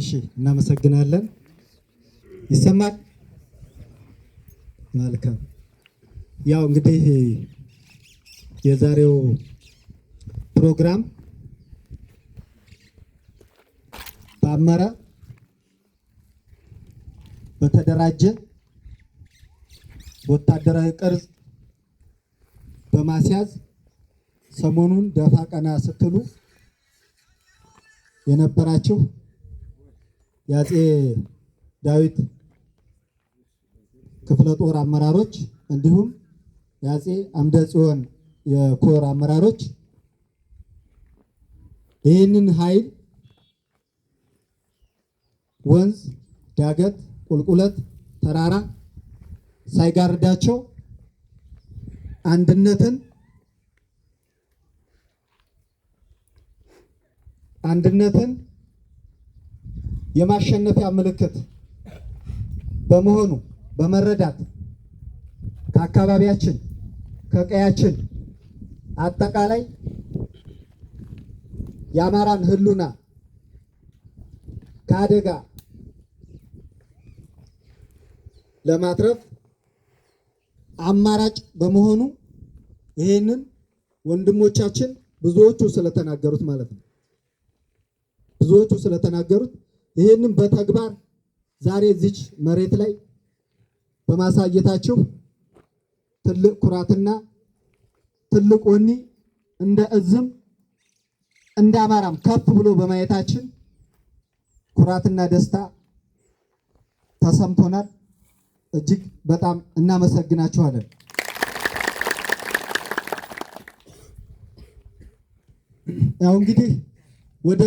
እሺ፣ እናመሰግናለን። ይሰማል። መልካም። ያው እንግዲህ የዛሬው ፕሮግራም ባመረ በተደራጀ ወታደራዊ ቅርጽ በማስያዝ ሰሞኑን ደፋ ቀና ስትሉ የነበራችሁ የአፄ ዳዊት ክፍለ ጦር አመራሮች እንዲሁም የአፄ አምደ ጽዮን የኮር አመራሮች ይህንን ኃይል ወንዝ፣ ዳገት፣ ቁልቁለት፣ ተራራ ሳይጋርዳቸው አንድነትን አንድነትን የማሸነፊያ ምልክት በመሆኑ በመረዳት ከአካባቢያችን ከቀያችን አጠቃላይ የአማራን ህሉና ከአደጋ ለማትረፍ አማራጭ በመሆኑ ይህንን ወንድሞቻችን ብዙዎቹ ስለተናገሩት ማለት ነው። ብዙዎቹ ስለተናገሩት ይህንም በተግባር ዛሬ እዚች መሬት ላይ በማሳየታችሁ ትልቅ ኩራትና ትልቅ ወኒ እንደ እዝም እንደ አማራም ከፍ ብሎ በማየታችን ኩራትና ደስታ ተሰምቶናል። እጅግ በጣም እናመሰግናችኋለን። ያው እንግዲህ ወደ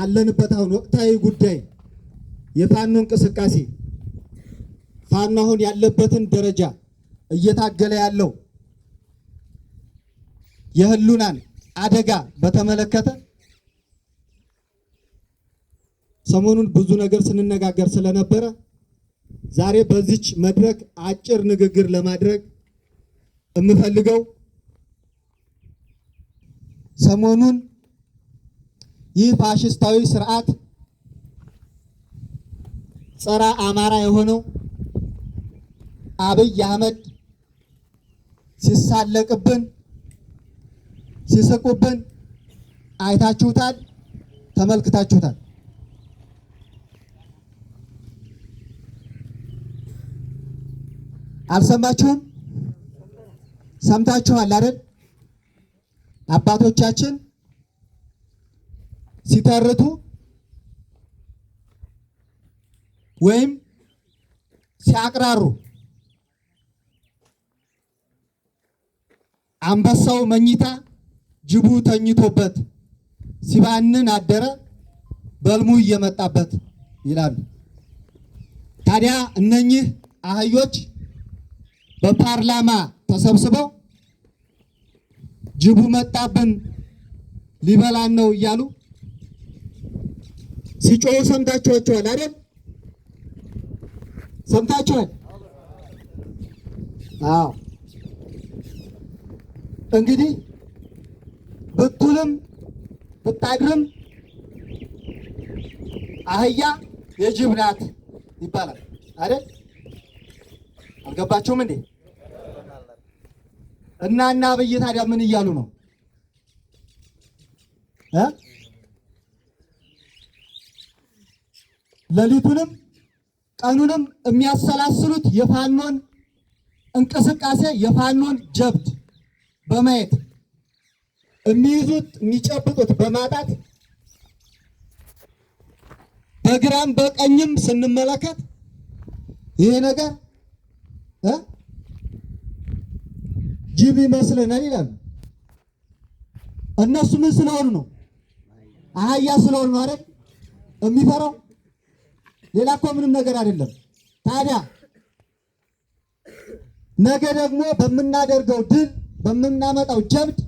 አለንበት አሁን ወቅታዊ ጉዳይ የፋኖ እንቅስቃሴ ፋኖ አሁን ያለበትን ደረጃ እየታገለ ያለው የህሉናን አደጋ በተመለከተ ሰሞኑን ብዙ ነገር ስንነጋገር ስለነበረ ዛሬ በዚች መድረክ አጭር ንግግር ለማድረግ የምፈልገው ሰሞኑን ይህ ፋሽስታዊ ስርዓት ጸረ አማራ የሆነው አብይ አህመድ ሲሳለቅብን ሲስቁብን አይታችሁታል፣ ተመልክታችሁታል። አልሰማችሁም? ሰምታችኋል አይደል? አባቶቻችን ሲተርቱ ወይም ሲያቅራሩ አንበሳው መኝታ ጅቡ ተኝቶበት ሲባንን አደረ በልሙ እየመጣበት ይላሉ። ታዲያ እነኚህ አህዮች በፓርላማ ተሰብስበው ጅቡ መጣብን ሊበላን ነው እያሉ ሲጮሁ ሰምታችኋቸዋል አይደል? ሰምታችኋል። አዎ እንግዲህ ብትውልም ብታድርም አህያ የጅብ ናት ይባላል አይደል? አልገባችሁም እንዴ? እና እና አብይ ታዲያ ምን እያሉ ነው? ሌሊቱንም ቀኑንም የሚያሰላስሉት የፋኖን እንቅስቃሴ የፋኖን ጀብድ በማየት የሚይዙት የሚጨብጡት በማጣት በግራም በቀኝም ስንመለከት ይሄ ነገር ጅብ ይመስልናል ይላሉ። እነሱ ምን ስለሆኑ ነው? አህያ ስለሆኑ ነው አይደል የሚፈራው ሌላ እኮ ምንም ነገር አይደለም። ታዲያ ነገ ደግሞ በምናደርገው ድል በምናመጣው ጀብድ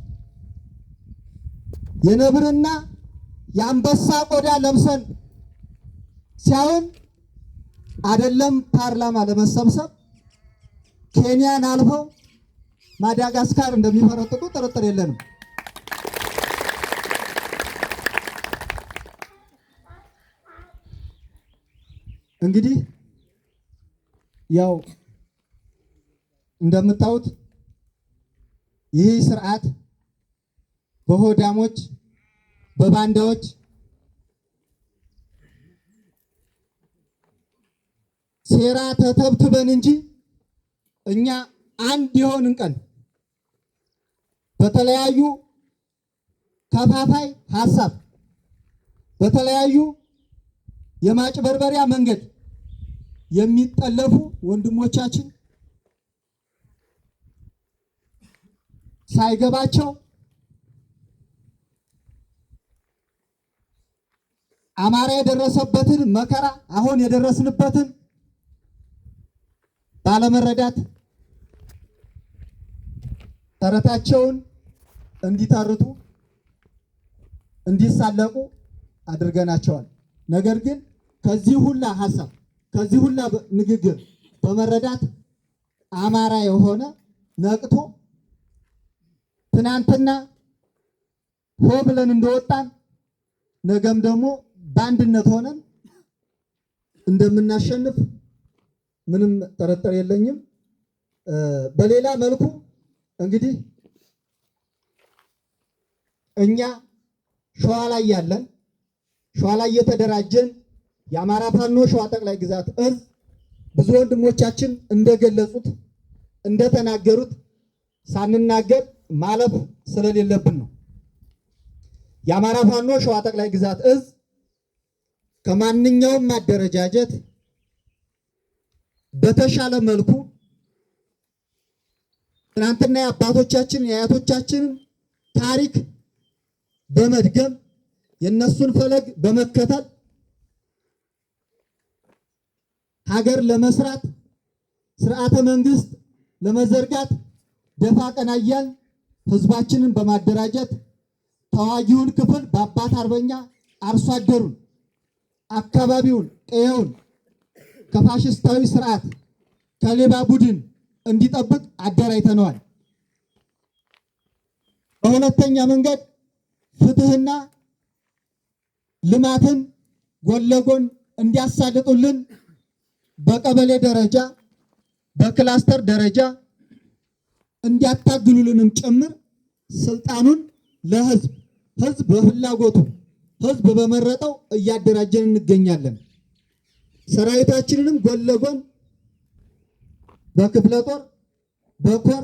የነብርና የአንበሳ ቆዳ ለብሰን ሲያውን አይደለም ፓርላማ ለመሰብሰብ ኬንያን አልፈው ማዳጋስካር እንደሚፈረጥጡ ጥርጥር የለንም። እንግዲህ ያው እንደምታዩት ይህ ስርዓት በሆዳሞች በባንዳዎች ሴራ ተተብትበን እንጂ እኛ አንድ የሆንን ቀን በተለያዩ ከፋፋይ ሀሳብ በተለያዩ የማጭበርበሪያ መንገድ የሚጠለፉ ወንድሞቻችን ሳይገባቸው አማራ የደረሰበትን መከራ አሁን የደረስንበትን ባለመረዳት ተረታቸውን እንዲተርቱ እንዲሳለቁ አድርገናቸዋል። ነገር ግን ከዚህ ሁላ ሀሳብ ከዚህ ሁላ ንግግር በመረዳት አማራ የሆነ ነቅቶ ትናንትና ሆ ብለን እንደወጣን ነገም ደግሞ በአንድነት ሆነን እንደምናሸንፍ ምንም ጥርጥር የለኝም። በሌላ መልኩ እንግዲህ እኛ ሸዋ ላይ ያለን ሸዋ ላይ የተደራጀን የአማራ ፋኖ ሸዋ ጠቅላይ ግዛት እዝ ብዙ ወንድሞቻችን እንደገለጹት እንደተናገሩት ሳንናገር ማለፍ ስለሌለብን ነው። የአማራ ፋኖ ሸዋ ጠቅላይ ግዛት እዝ ከማንኛውም አደረጃጀት በተሻለ መልኩ ትናንትና የአባቶቻችን የአያቶቻችንን ታሪክ በመድገም የእነሱን ፈለግ በመከተል ሀገር ለመስራት ስርዓተ መንግስት ለመዘርጋት ደፋ ቀናያን ህዝባችንን በማደራጀት ተዋጊውን ክፍል በአባት አርበኛ አርሶ አደሩን፣ አካባቢውን፣ ቀየውን ከፋሽስታዊ ስርዓት ከሌባ ቡድን እንዲጠብቅ አደራጅተነዋል። በሁለተኛ መንገድ ፍትህና ልማትን ጎን ለጎን እንዲያሳልጡልን በቀበሌ ደረጃ በክላስተር ደረጃ እንዲያታግሉልንም ጭምር ስልጣኑን ለህዝብ ህዝብ በፍላጎቱ ህዝብ በመረጠው እያደራጀን እንገኛለን። ሰራዊታችንንም ጎን ለጎን በክፍለ ጦር፣ በኮር፣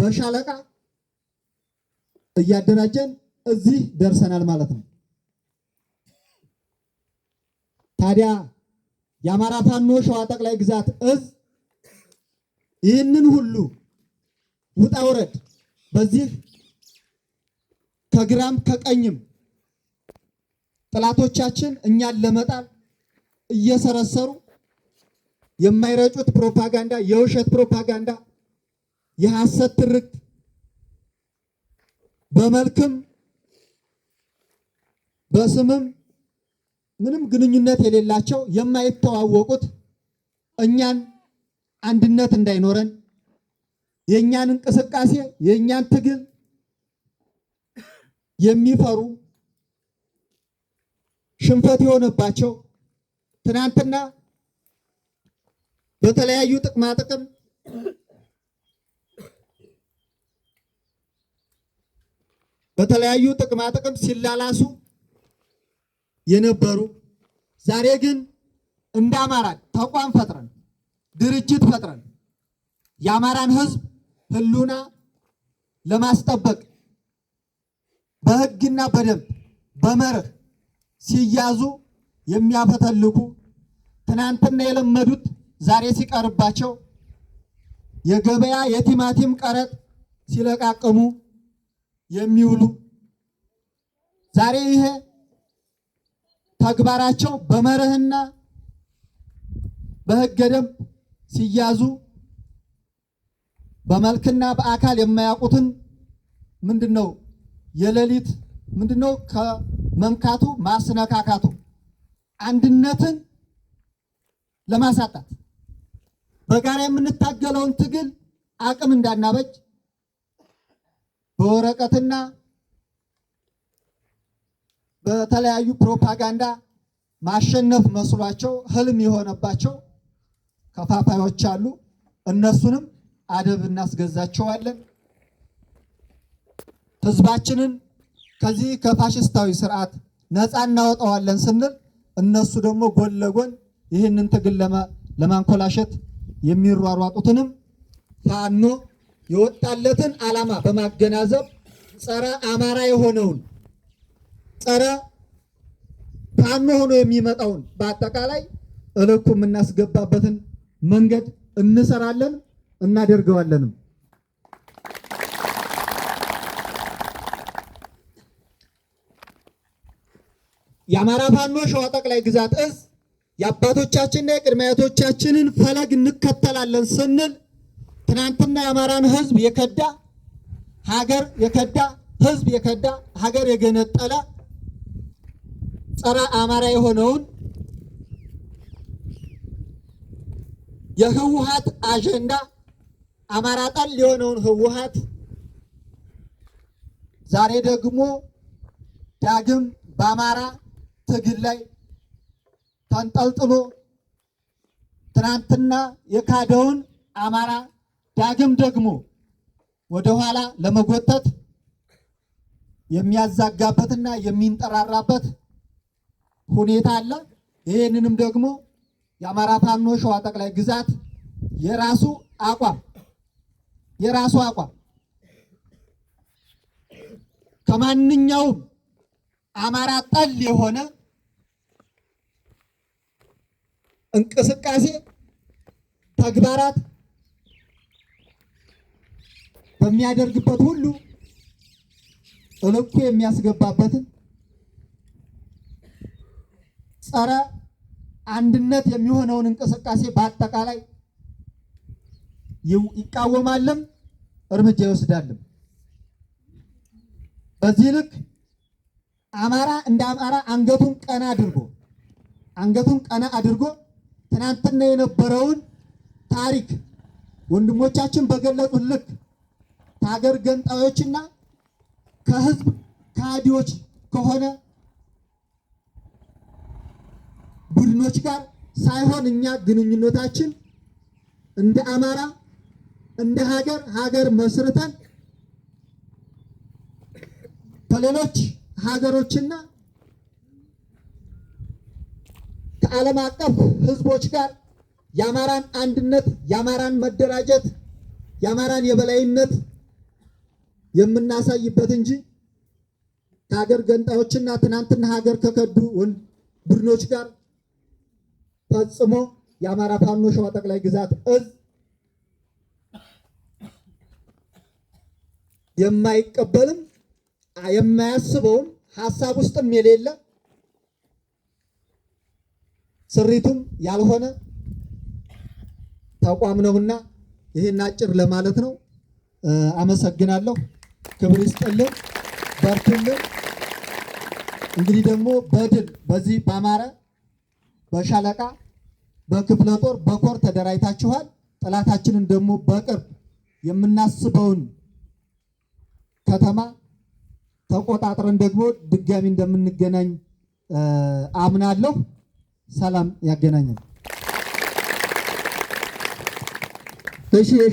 በሻለቃ እያደራጀን እዚህ ደርሰናል ማለት ነው ታዲያ የአማራ ፋኖ ሸዋ ጠቅላይ ግዛት እዝ ይህንን ሁሉ ውጣ ውረድ በዚህ ከግራም ከቀኝም ጥላቶቻችን እኛን ለመጣል እየሰረሰሩ የማይረጩት ፕሮፓጋንዳ፣ የውሸት ፕሮፓጋንዳ፣ የሐሰት ትርክት በመልክም በስምም ምንም ግንኙነት የሌላቸው የማይተዋወቁት እኛን አንድነት እንዳይኖረን የእኛን እንቅስቃሴ የእኛን ትግል የሚፈሩ ሽንፈት የሆነባቸው ትናንትና በተለያዩ ጥቅማ ጥቅም በተለያዩ ጥቅማ ጥቅም ሲላላሱ የነበሩ ዛሬ ግን እንደ አማራ ተቋም ፈጥረን ድርጅት ፈጥረን የአማራን ህዝብ ህሉና ለማስጠበቅ በህግና በደንብ በመርህ ሲያዙ የሚያፈተልጉ ትናንትና የለመዱት ዛሬ ሲቀርባቸው የገበያ የቲማቲም ቀረጥ ሲለቃቅሙ የሚውሉ ዛሬ ይሄ ተግባራቸው በመርህና በሕገ ደንብ ሲያዙ በመልክና በአካል የማያውቁትን ምንድን ነው የሌሊት ምንድን ነው ከመምካቱ ማስነካካቱ አንድነትን ለማሳጣት በጋራ የምንታገለውን ትግል አቅም እንዳናበጅ በወረቀትና በተለያዩ ፕሮፓጋንዳ ማሸነፍ መስሏቸው ህልም የሆነባቸው ከፋፋዮች አሉ። እነሱንም አደብ እናስገዛቸዋለን። ህዝባችንን ከዚህ ከፋሽስታዊ ስርዓት ነፃ እናወጣዋለን ስንል እነሱ ደግሞ ጎን ለጎን ይህንን ትግል ለማንኮላሸት የሚሯሯጡትንም ፋኖ የወጣለትን ዓላማ በማገናዘብ ጸረ አማራ የሆነውን ጸረ ፋኖ ሆኖ የሚመጣውን በአጠቃላይ እልኩ የምናስገባበትን መንገድ እንሰራለን እናደርገዋለንም። የአማራ ፋኖ ሸዋ ጠቅላይ ግዛት እዝ የአባቶቻችንና የቅድመ አያቶቻችንን ፈለግ እንከተላለን ስንል ትናንትና የአማራን ሕዝብ የከዳ ሀገር የከዳ ሕዝብ የከዳ ሀገር የገነጠለ ጸረ አማራ የሆነውን የህወሀት አጀንዳ አማራ ጠል የሆነውን ህወሀት ዛሬ ደግሞ ዳግም በአማራ ትግል ላይ ተንጠልጥሎ ትናንትና የካደውን አማራ ዳግም ደግሞ ወደኋላ ለመጎተት የሚያዛጋበትና የሚንጠራራበት ሁኔታ አለ። ይህንንም ደግሞ የአማራ ፋኖ ሸዋ ጠቅላይ ግዛት የራሱ አቋም የራሱ አቋም ከማንኛውም አማራ ጠል የሆነ እንቅስቃሴ ተግባራት በሚያደርግበት ሁሉ እልኩ የሚያስገባበትን ጸረ አንድነት የሚሆነውን እንቅስቃሴ በአጠቃላይ ይቃወማልም፣ እርምጃ ይወስዳልም። በዚህ ልክ አማራ እንደ አማራ አንገቱን ቀና አድርጎ አንገቱን ቀና አድርጎ ትናንትና የነበረውን ታሪክ ወንድሞቻችን በገለጹት ልክ ከሀገር ገንጣዮችና ከህዝብ ከሃዲዎች ከሆነ ቡድኖች ጋር ሳይሆን እኛ ግንኙነታችን እንደ አማራ እንደ ሀገር ሀገር መስርተን ከሌሎች ሀገሮችና ከዓለም አቀፍ ሕዝቦች ጋር የአማራን አንድነት፣ የአማራን መደራጀት፣ የአማራን የበላይነት የምናሳይበት እንጂ ከሀገር ገንጣዮችና ትናንትና ሀገር ከከዱ ቡድኖች ጋር ፈጽሞ የአማራ ፋኖ ሸዋ ጠቅላይ ግዛት እዝ የማይቀበልም የማያስበውም ሀሳብ ውስጥም የሌለ ስሪቱም ያልሆነ ተቋም ነውና ይህን አጭር ለማለት ነው። አመሰግናለሁ። ክብር ይስጥልን፣ በርቱልን። እንግዲህ ደግሞ በድል በዚህ በአማራ በሻለቃ በክፍለ ጦር በኮር ተደራጅታችኋል። ጠላታችንን ደግሞ በቅርብ የምናስበውን ከተማ ተቆጣጥረን ደግሞ ድጋሚ እንደምንገናኝ አምናለሁ። ሰላም ያገናኛል። እሺ።